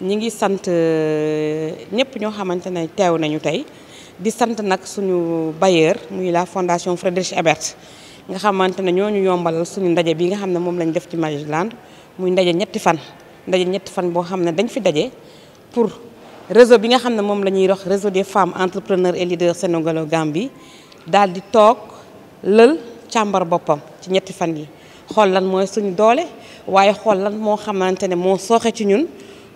ñi ngi sant euh, ñëpp ñoo xamante ne teew nañu tey di sant nag suñu bailleur muy la fondation Friedrich Ebert nga xamante ne ñoo ñu yombalal suñu ndaje bi nga xam ne moom lañ def ci Magellan muy ndaje ñetti fan ndaje ñetti fan boo xam ne dañ fi daje pour réseau bi nga xam ne moom la ñuy wax réseau des femmes entrepreneurs et leaders sénégalo-gambie daal di toog lël càmbar boppam ci ñetti fan yi xool lan mooy suñu doole waaye xool lan moo xamante ne moo sooxee ci ñun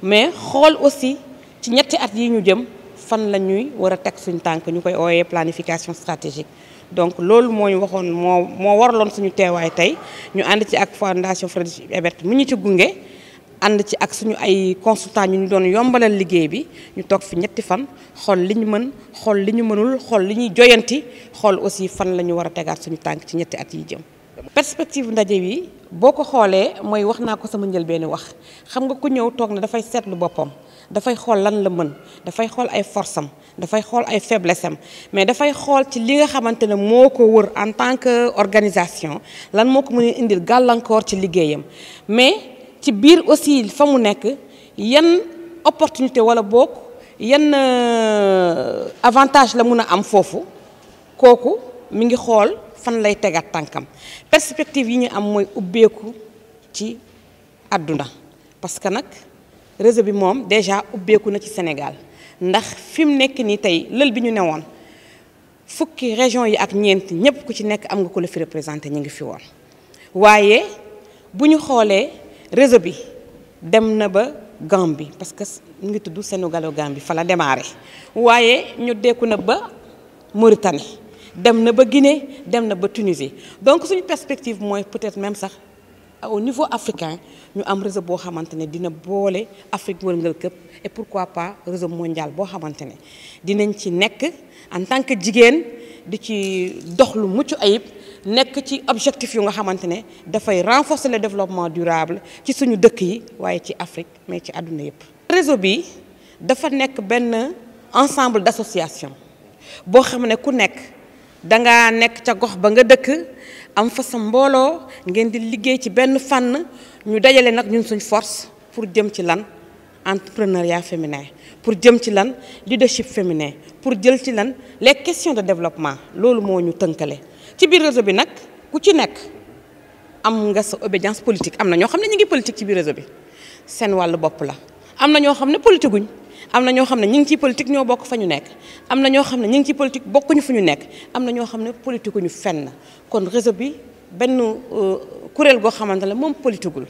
mais xool aussi ci ñetti at yi ñu jëm fan la ñuy war a teg suñu tànk ñu koy ooyee planification stratégique donc loolu mooy waxoon moo moo waraloon suñu teewaay tey ñu ànd ci ak fondation Frédéric Ebert mu ñu ci gunge ànd ci ak suñu ay consultant ñu ñu doon yombalal liggéey bi ñu toog fi ñetti fan xool li ñu mën xool li ñu mënul xool li ñuy joyanti xool aussi fan la ñu war a tegaat suñu tànk ci ñetti at yi jëm perspective ndaje wi boo ko xoolee mooy wax naa ko sama njëlbeeni wax xam nga ku ñëw toog na dafay seetlu boppam dafay xool lan la mën dafay xool ay force dafay xool ay faiblesse mais dafay xool ci li nga xamante ne moo ko wër en tant que organisation lan moo ko mën a indil gàllankoor ci liggéeyam mais ci biir aussi fa mu nekk yan opportunité wala book yan euh, avantage la mun a am foofu kooku. mi ngi xool fan lay tegaat tànkam perspective yi ñu am mooy ubbeeku ci àdduna parce que nag réseau bi moom déjà ubbeeku na ci Sénégal ndax fi mu nekk nii tey lël bi ñu woon fukki région yi ak ñeent ñëpp ku ci nekk am nga ko la fi représenté ñu ngi fi woon waaye bu ñu xoolee réseau bi dem na ba Gambie parce que mu ngi tudd Sénégalo Gambie fa la démarré waaye ñu dekku na ba Mauritanie dem na ba Guinée dem na ba Tunisie donc suñu perspective mooy peut-être même sax au niveau africain ñu am réseau boo xamante ne dina boole Afrique wërngal këpp et pourquoi pas réseau mondial boo xamante ne dinañ ci nekk en tant que jigéen di ci dox lu mucc ayib nekk ci objectif yu nga xamante ne dafay renforcer le développement durable ci suñu dëkk yi waaye ci Afrique mais ci àdduna yëpp. réseau bi dafa nekk benn ensemble d'associations boo xam ne ku nekk. danga nekk ca gox ba nga dëkk am fa sa mbooloo ngeen di liggéey ci benn fànn ñu dajale nag ñun suñ force pour jëm ci lan entrepreneuriat féminin pour jëm ci lan leadership féminin pour jël ci lan les questions de développement loolu moo ñu tënkale ci biir réseau bi nag ku ci nekk am nga sa obédience politique am na ñoo xam ne ñu ngi politique ci biir réseau bi seen wàllu bopp la am na ñoo xam ne politique guñ am na ñoo xam ne ñu ngi ci politique ñoo bokk fa ñu nekk am na ñoo xam ne ñu ngi ci politique bokkuñu fu ñu nekk am na ñoo xam ne politique ñu fenn kon réseau bi benn euh, kuréel goo xamante ne moom politigul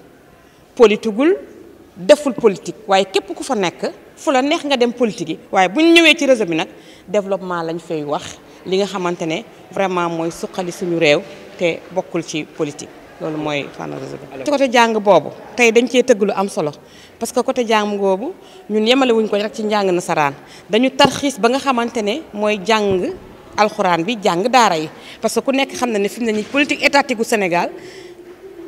politigul deful politique waaye képp ku fa nekk fu la neex nga dem politique yi waaye bu ñu ñëwee ci réseau bi nag développement lañ fay wax li nga xamante ne vraiment mooy suqali suñu réew te bokkul ci politique. loolu mooy fànn réseau bi ci côté jàng boobu tey dañ cee tëgg lu am solo parce que côté jàng boobu ñun yemalewuñ ko rek ci njàng nasaraan dañu tarxiis ba nga xamante ne mooy jàng alxuraan bi jàng daara yi parce que ku nekk xam na ne fi mu ne nii politique étatique gu Sénégal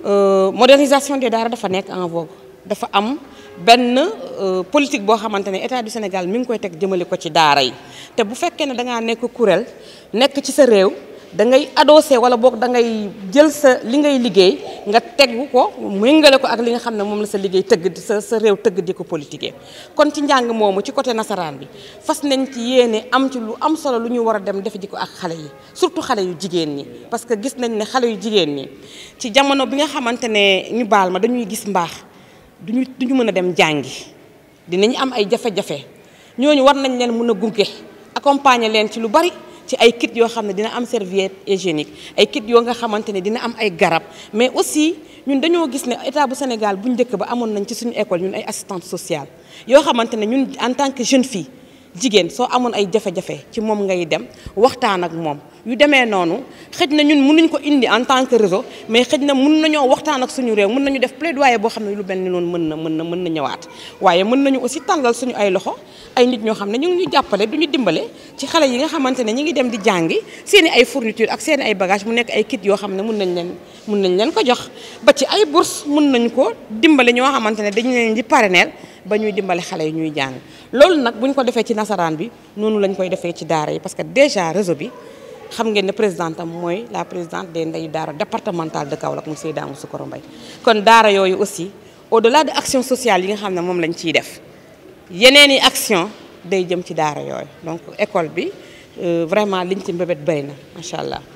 euh, modernisation des daara dafa nekk en vogue dafa am benn euh, politique boo xamante ne état du Sénégal mi ngi koy teg jëmale ko ci daara yi te bu fekkee ne da ngaa nekk kuréel nekk ci sa réew. da ngay adossé wala boog da ngay jël sa li ngay liggéey nga tegu ko méngale ko ak li nga xam ne moom la sa liggéey tëgg di sa sa réew tëgg di ko politiquer kon ci njàng moomu ci côté nasaraan bi fas nañ ci yéene am ci lu am solo lu ñu war a dem def ji ko ak xale yi surtout xale yu jigéen ñi parce que gis nañ ne xale yu jigéen ñi ci jamono bi nga xamante ne ñu baal ma dañuy gis mbaax duñu duñu mën a dem jàngi dinañ am ay jafe-jafe ñooñu war nañ leen mën a gunge accompagner leen ci lu bari ci ay kit yoo xam ne dina am serviette hygiénique ay kit yoo nga xamante ne dina am ay garab mais aussi ñun dañoo gis ne état bu Sénégal bu njëkk ba amoon nañ ci suñu école ñun ay assistante sociale yoo xamante ne ñun en tant que jeune fille jigéen soo amoon ay jafe-jafe ci moom ngay dem waxtaan ak moom yu demee noonu xëj na ñun mënuñ ko indi en tant que réseau mais xëj na mun nañoo waxtaan ak suñu réew mën nañu def plaidoyer boo xam ne lu mel ni noonu mën na mën na mën na ñëwaat waaye mën nañu aussi tàllal suñu ay loxo ay nit ñoo xam ne ñu ngi ñu jàppale du ñu ci xale yi nga xamante ne ñi ngi dem di jàngi seeni ay fourniture ak seeni ay bagage mu nekk ay kit yoo xam ne mun nañ leen mun nañ leen ko jox ba ci ay bourse mun nañ ko dimbale ñoo xamante ne dañu leen di parrainer ba ñuy dimbali xale yi ñuy jàng loolu nag bu ñu ko defee ci nasaraan bi noonu lañ koy defee ci daara yi parce que déjà réseau bi xam ngeen ne présidente mooy la présidente de ndeyu daara départementale de Kaolack monsieur Dame Soukoro Mbaye kon daara yooyu aussi au delà de action sociale yi nga xam ne moom lañ ciy def yeneen i action day jëm ci daara yooyu donc école bi euh, vraiment liñ ci mbébét bëri na macha allah.